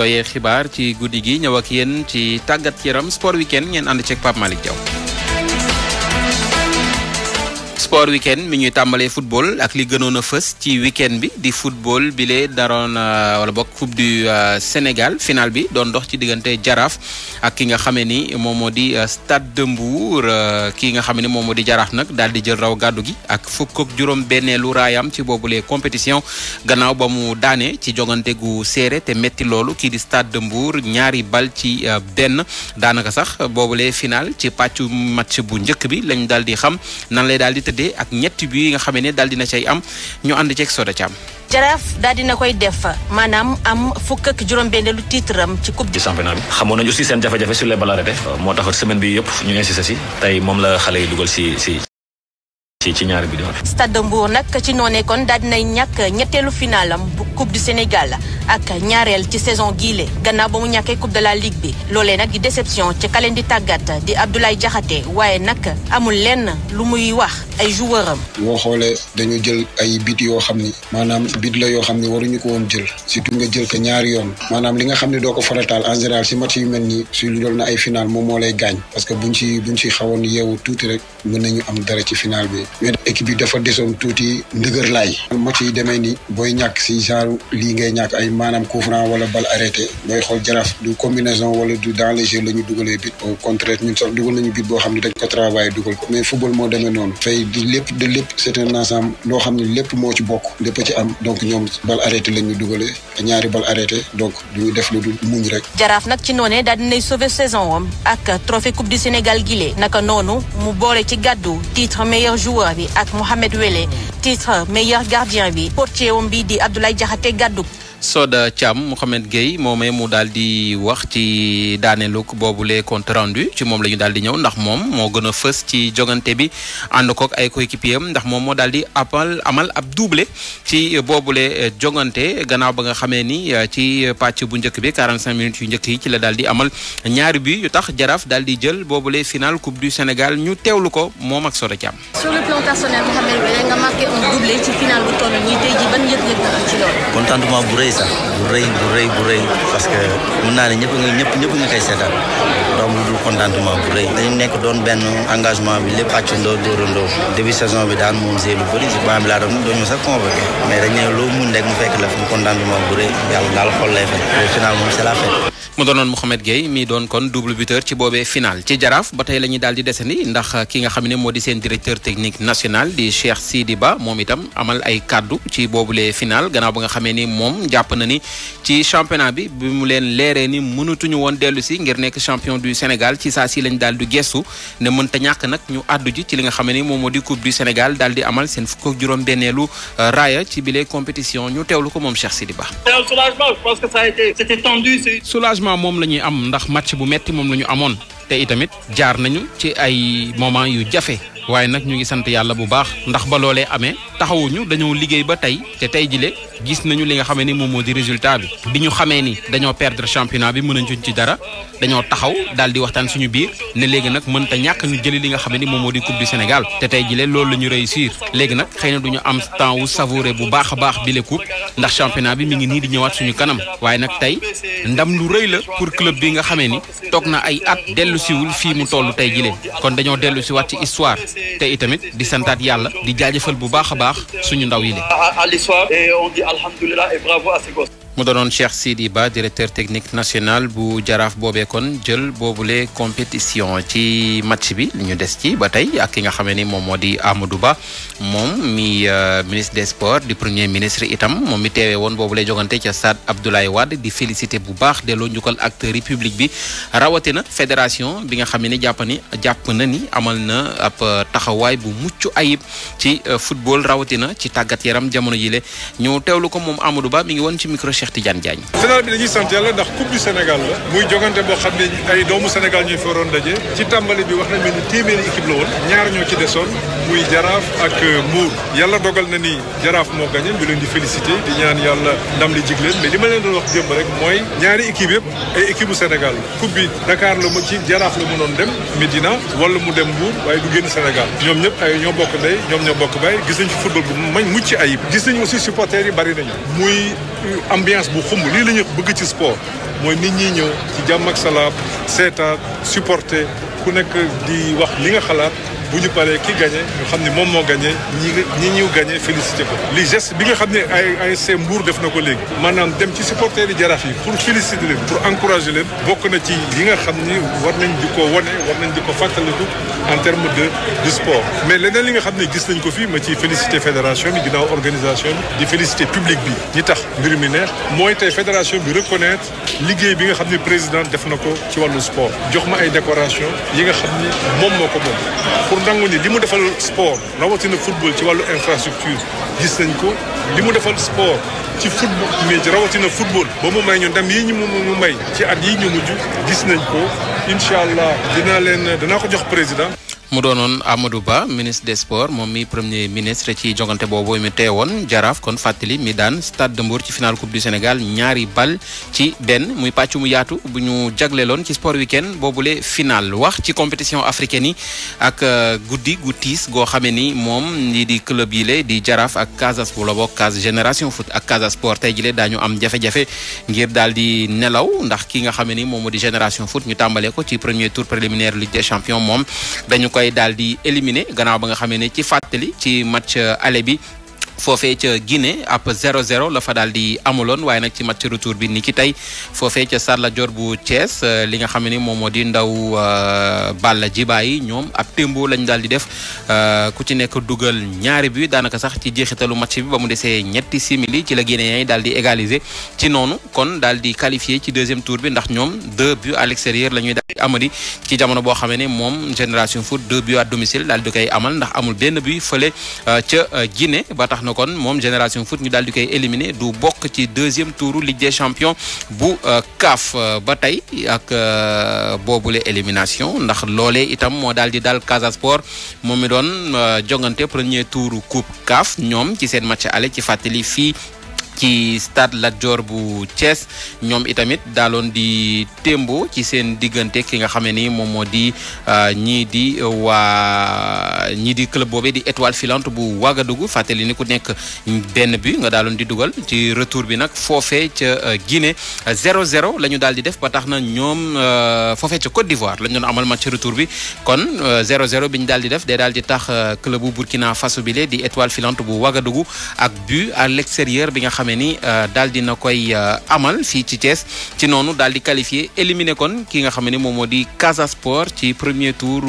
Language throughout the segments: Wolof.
yooyee xibaar ci guddi gi ñëw ak yéen ci tàggat yaram sport weekend ngeen ànd ceeg Pape Malick jaw sport weekend mi ñuy tàmbalee football ak li gënoon fës ci weekend bi di football bi lee daroon euh, wala bokk coupe du euh, Sénégal final bi doon dox ci diggante jaraaf ak ki nga xamee ni moom moo di euh, Stade de Mbour ki nga xam ne moom moo di jaraaf nag daal di jël raw gàddu gi ak fukk juróom bennee lu raayam ci boobule compétition gannaaw ba mu daanee ci jogante gu séere te métti loolu kii di Stade de ñaari bal ci benn daanaka sax boobule final ci pàccu match bu njëkk bi lañ daal di xam dee ak ñetti bi yi nga xamee ne daal dina cay am ñu ànd ceeg Soda Thiam. Jaraaf daal koy def maanaam am fukk juróom-benneelu titre ci coupe du championnat bi xamoon nañu aussi seen jafe-jafe sur les balles moo taxoon semaine bi yëpp ñu insisté si tey moom la xale yi dugal si ci ñaari bi doon. Stade Mbour nag ci noonee kon daal dinay ñetteelu finalam coupe du Sénégal ak ñaareel ci saison giile gannaaw ba mu ñàkkee coupe de la ligue bi loolee nag di déception ci kaleen di tàggat di Abdoulaye Diakhaté waaye nag amul lenn lu muy wax ay joueur am. xoolee dañu jël ay bit yoo xam ni maanaam bit la yoo xam ni waruñu ko woon jël si surtout nga jël ko ñaari yoon maanaam li nga xam ne doo ko farataal en général si match yu mel nii su ñu doon na ay final moom moo lay gaañ parce que buñ ci buñ xawoon yeewu tuuti rek mën nañu am dara ci final bi mais équipe bi dafa desoon tuuti ndëgër laay match yi genre lii ngay ñàkk ay maanaam coup franc wala bal arrêté ngay xool jaraaf du combinaison wala du dans les jeux la ñu dugalee but au contraire ñun sax dugal nañu but boo xam ne dañ ko travaillé dugal ko mais football moo demee noonu fay di lépp de lépp c'est xam ne lépp moo ci bokk lépp am donc ñoom bal arrêté la ñu dugalee ñaari bal arrêté donc du def lu dul muñ rek jaraaf nag ci noonee daal dinay saison am ak trophée coupe du Sénégal gilée naka noonu titre meilleur gardien bi portier wam bi di Abdoulaye Diakhaté gàddu Soda Thiam Mouhamed Gueye moomee mu daal di wax ci daaneelug boobule compte rendu ci moom la ñu daal di ñëw ndax moom moo gën a fës ci jogante bi ànd kook ay coéquipier am ndax moom moo daal di amal amal ab doublé ci boobule eh, jogante gannaaw ba nga xamee ni eh, ci pàcc bu njëkk bi 45 minutes yu njëkk yi ci la daal di amal ñaari bi yu tax jaraaf daal di jël boobule final coupe du Sénégal ñu teewlu ko moom ak Soda Thiam. ci am sax bu rëy bu rëy bu rëy parce que mun naa ne ñëpp nga ñëpp ñëpp nga koy seetaan donc lu dul contentement bu rëy dañu nekk doon benn engagement bi lépp pàccandoo dóorandoo début saison bi daan moom see lu bëri si bam bi laa doon doon ñu sax convoqué mais dañ ne loo mun rek mu fekk la fu contentement bu rëy yàlla daal xol lay fekk final moom c'est la fête mu doonoon Mouhamed Gueye mi doon kon double buteur ci boobee final ci jaraaf ba tey la ñuy daal di desandi ndax ki nga xam ne moo di seen directeur technique national di Cheikh Sidi Ba moom itam amal ay kaddu ci boobule final gannaaw ba nga xamee ni moom jàpp na ni ci championnat bi bi mu leen leeree ni mënatuñu woon dellu si ngir nekk champion du Sénégal ci saa si lañ daal di gestu ne mënta ñàkk nag ñu àddu ji ci li nga xam ne moom moo di coupe du Sénégal daal di amal seen fukk ak juróom-benneelu euh, raaya ci bile compétition ñu teewlu ko moom Cheikh Sidi Ba. soulagement moom la ñuy am ndax match bu metti moom la ñu amoon te itamit jaar nañu ci ay moment yu jafe waaye nag ñu ngi sant yàlla bu baax ndax ba loolee amee taxawuñu dañoo liggéey ba tey te tey jile gis nañu li nga xamee ni moom moo di résultat bi bi ñu xamee ni dañoo perdre championnat bi mën mënañu ci dara dañoo taxaw daal di waxtaan suñu biir ne léegi nag mën ta ñàkk ñu jëli li nga xamee ni moom moo di coupe du Sénégal te tey jile loolu la ñu réussir léegi nag xëy na duñu am temps wu savouré bu baax a baax bi le ndax championnat bi mi ngi nii di ñëwaat suñu kanam waaye nag tey ndam lu rëy la pour club bi nga ni toog na ay at dellu siwul fii mu toll tey jile kon dañoo dellu siwaat ci histoire te itamit di santaat yàlla di jaajëfal bu baax a baax suñu ndaw yi la. mu doonoon Cheikh Sidi Ba directeur technique national bu jaraaf boobee kon jël boobule compétition ci match bi li ñu des ci ba tey ak ki nga xam ne ni moom moo di Amadou Ba moom mi euh, ministre des sports di premier ministre itam moom mi teewee woon boobule jogante ca stade Abdoulaye Wade di félicité bu baax delloo njukkal acteur république bi rawatina fédération bi nga xam ne ni jàpp ni jàpp na ni amal na ab euh, taxawaay bu mucc ayib ci euh, football rawatina ci tàggat yaram jamono jile Cheikh Tidiane Diagne. final bi dañuy sant yàlla ndax coupe du Sénégal la. muy jogante boo xam ne ay doomu Sénégal ñuy foroon daje. ci tàmbali bi wax nañu ne téeméeri équipe la woon. ñaar ñoo ci desoon muy jaraaf ak euh, Mbour yàlla dogal na ni jaraaf moo gagné ñu leen di félicité di ñaan yàlla ndam li jig leen mais li ma leen doon wax démb rek mooy ñaari équipe yëpp ay équipe bu Sénégal coupe bi ma ci jaraaf la mënoon dem Médina wala mu dem Mbour waaye du génn Sénégal ñoom ñëpp ay ñoo bokk ndey ñoom ñoo bokk bay gis nañ ci football bu mañ mucc ayib gis nañ aussi supporters yi bari nañu muy euh, ambiance bu xumb lii la ñu bëgg ci sport mooy nit ñi ñëw ci jàmm ak salaam seetaat supporter ku nekk di wax li nga xalaat bu ñu paree ki gagné ñu xam ne moom moo gagné ñi ñi ñu gagné félicité ko li geste bi nga xam ne ay see Mbour def na ko léegi maanaam dem ci supporters yi jaraaf yi pour féliciter leen pour encourager leen bokk na ci yi nga xam ni war nañ di ko wone war nañ di ko fàttaliku en terme de du sport mais leneen li nga xam ne gis nañ ko fii ma ci félicité fédération bi ginnaaw organisation di félicité public bi ñi tax mbir mi neex mooy tey fédération bi reconnaître liggéey bi nga xam ne président def na ko ci wàllu sport jox ma ay décoration yi nga xam ni moom moo ko moom pour nangu ni li mu defal sport rawatina football ci wàllu infrastructure gis nañ ko li mu defal sport ci football mais rawatina football ba mu may ñu ndam yi ñu mu may ci at yi ñu mujj gis nañ ko incha allah dinaa leen danaa ko jox président mu doon doonoon Amadou Ba ministre des sports moom mi premier ministre ci jongante boobu mi woon jaraaf kon fàttali mi daan Stade de Mbour ci final coupe du Sénégal ñaari bal ci benn muy pàcc mu yaatu bu ñu jagleeloon ci sport weekend boobule final wax ci compétition africaine yi ak euh, guddi gu tiis goo xamee ni moom lii di club yi le di jaraaf ak Casa Sport la bokk Casa Génération ak Casa Sport tey jile daañu am jafe-jafe ngir daal di nelaw ndax ki nga xamee ni moom moo di Génération Foot ñu tàmbalee ko ci premier tour préliminaire Ligue des champions moom koy daal di éliminer gannaaw ba nga xamee ne ci fàttali ci match aller bi foofee ca Guinée app 0-0 la fa daal di amuloon waaye nag ci match retour bi ni ki tey foofee ca Stade Lat bu Thiès euh, li nga xam ni moom moo di ndaw euh, Balla Djiba yi ñoom ab témbo lañu daal di def euh, ku ci nekk dugal ñaari bi daanaka sax ci jeexitalu match bi ba mu desee ñetti simili ci la Guinéens yi daal di égaliser ci noonu kon daal di qualifié ci deuxième tour bi ndax ñoom deux buts à l'extérieur la ñuy daal di amali ci jamono boo xamee ne moom génération foot deux buts à domicile daal di koy amal ndax amul benn but fële ca Guinée na kon moom génération foot ñu daal di koy éliminer du bokk ci deuxième touru Ligue des champions bu kaaf euh, euh, ba tey ak euh, boobule élimination ndax loole itam moo daal di daal Casa Sport moom mi doon jongante premier touru coupe kaaf ñoom ci seen match aller ci fàttali fii. ci stade Lat Dior bu cees ñoom itamit daaloon di témbo ci seen diggante ki nga xam ne ni moom moo di euh, ñii di waa ñii di club boobee di étoile filante bu Ouagadougou fàttali ni ku nekk benn bi nga daaloon di dugal ci retour bi nag foofee ca euh, Guinée 0-0 la ñu daal di def ba tax na ñoom euh, foofee ca Côte d'Ivoire la ñu doon amal match retour bi kon 0-0 bi ñu daal di def day daal di tax club bu Burkina Faso bi lee di étoile filante bu Ouagadougou ak but à xamee ni euh, daal di na koy euh, amal fii ci Thiès ci noonu daal di qualifié éliminer kon ki nga xam ne moom moo di Casa Sport ci premier tour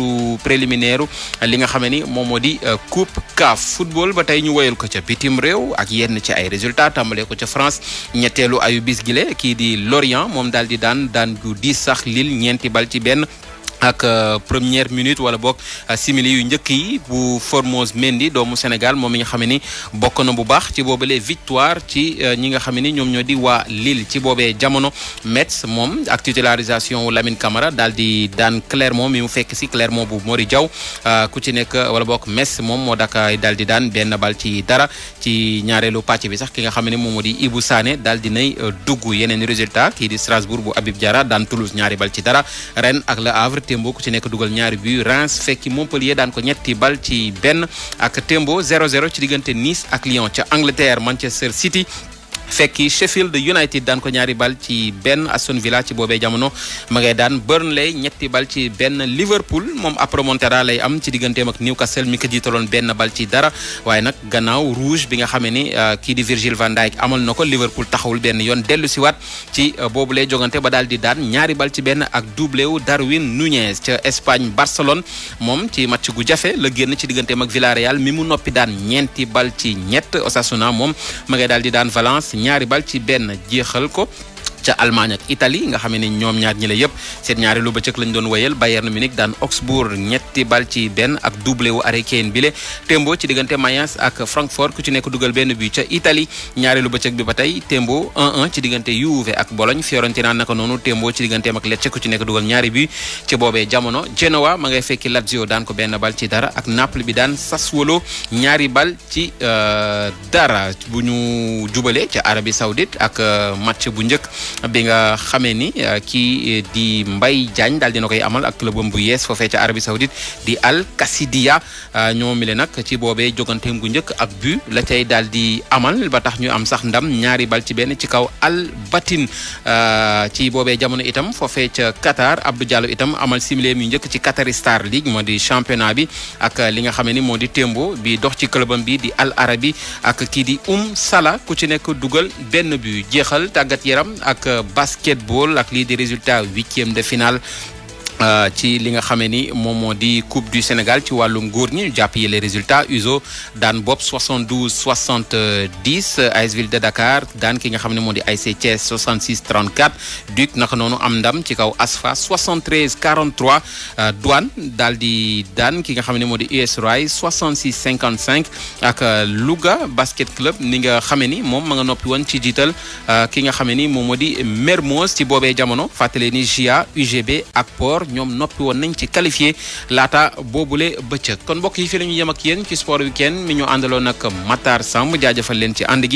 préliminaire li nga xam ni moom moo di euh, coupe CAF football ba tey ñu woyal ko ca bitim réew ak yenn ci ay résultat tàmbalee ko ca France ñetteelu ayu bis kii di Lorient moom daal di daan daan gu di sax Lille ñeenti bal ci benn. ak euh, première minute wala boog euh, simili yu njëkk yi bu Formose Mendy doomu Sénégal moom mi nga xam ni bokk na bu baax ci boobale victoire ci euh, ñi nga xam ni ñoom ñoo di waa Lille ci boobee jamono Metz moom ak titularisation wu Lamine kamara daal di daan Clermont mi mu fekk si Clermont bu Mori jaw ku ci nekk wala boog Metz moom moo dakaay daal di daan benn bal ci dara ci ñaareelu pàcc bi sax ki nga xam ne moom moo di Ibou Sané dal di nay dugg yeneen résultat kii di Strasbourg bu Habib Diarra daan ñaari bal ci dara Témbo ku ci nekk dugal ñaari but Reims fekki Montpellier daan ko ñetti bal ci benn ak Témbo 0-0 ci diggante Nice ak Lyon ca Angleterre Manchester City. fekki Sheffield United daan ko ñaari bal ci benn Aston Villa ci boobee jamono ma ngay daan Burnley ñetti bal ci benn Liverpool moom ab remontada lay am ci digganteem ak Newcastle mi ko jiitaloon benn bal ci dara waaye nag gannaaw rouge bi nga xamee ni euh, kii di Virgil van Dijk amal na ko Liverpool taxawul benn yoon dellu si waat ci euh, boobu lay jogante ba daal di daan ñaari bal ci benn ak doublé wu Darwin Nunez ca Espagne Barcelone moom ci match gu jafe la génn ci digganteem ak Villarreal mi mu noppi daan ñeenti bal ci ñett Osasuna moom ma ngay daal ñaari bal ci benn jeexal ko ca Allemagne ak Italie nga xam ne ñoom ñaar ñi la yëpp seen ñaari lu bëccëg lañ doon wéyal Bayern Munich daan Augsbourg ñetti bal ci benn ak doublé wu Harry bile Tembo ci diggante Mayence ak Francfort ku ci nekk dugal benn but ca itali ñaari lu bi ba tey Tembo 1-1 ci diggante Juve ak Bologne Fiorentina naka noonu Tembo ci digganteem ak Lecce ku ci nekk dugal ñaari bi ci boobee jamono Genoa ma ngay fekki Lazio daan ko benn bal ci dara ak Naples bi daan Sassuolo ñaari bal ci euh, dara bu ñu jubalee ca Arabie Saoudite ak euh, match bu njëkk bi nga xamee ni euh, kii euh, di mbay Diagne daal dina koy amal ak clubam bu yees foofee ca Arabie Saoudite di Al Kasidiya euh, ñoom mi le nag ci boobee joganteem gu njëkk ak bu la cay daal di amal ba tax ñu am sax ndam ñaari bal ci benn ci kaw Al Batin ci boobe jamono itam foofee ca Qatar Abdou Diallo itam amal simileem yu njëkk ci Qatari Star League moo di championnat bi ak li nga xamee ni moo di Tembo bi dox ci clubam bi di Al Arabi ak kii di Um Salah ku ci nekk dugal benn bu jeexal tàggat yaram basketball ak lii di résultat huitième de finale Euh, ci li nga xamee ni moom moo di coupe du Sénégal ci wàllum góor ñi ñu jàpp yële résultat USO daan bopp 72 70 AS Ville de Dakar daan ki nga xam ne moo di ay Thiès 66 34 Duc naka noonu am ndam ci kaw ASFA 73 43 Douane daal di daan ki nga xam ne moo di US Rail 66 55 ak euh, Louga basket club ni nga xamee ni moom ma nga noppi woon ci jiital euh, ki nga xamee ni moom moo di Mermoz ci boobe jamono fàttale ni GIA UGB ak Port. ñoom noppiwoon nañ ci qualifié laata boobule bëccëg kon mbokk yi fii la ñu yem ak yéen ci sport weekend mi ñu àndaloon ak Matar Samb jaajafal leen ci ànd gi.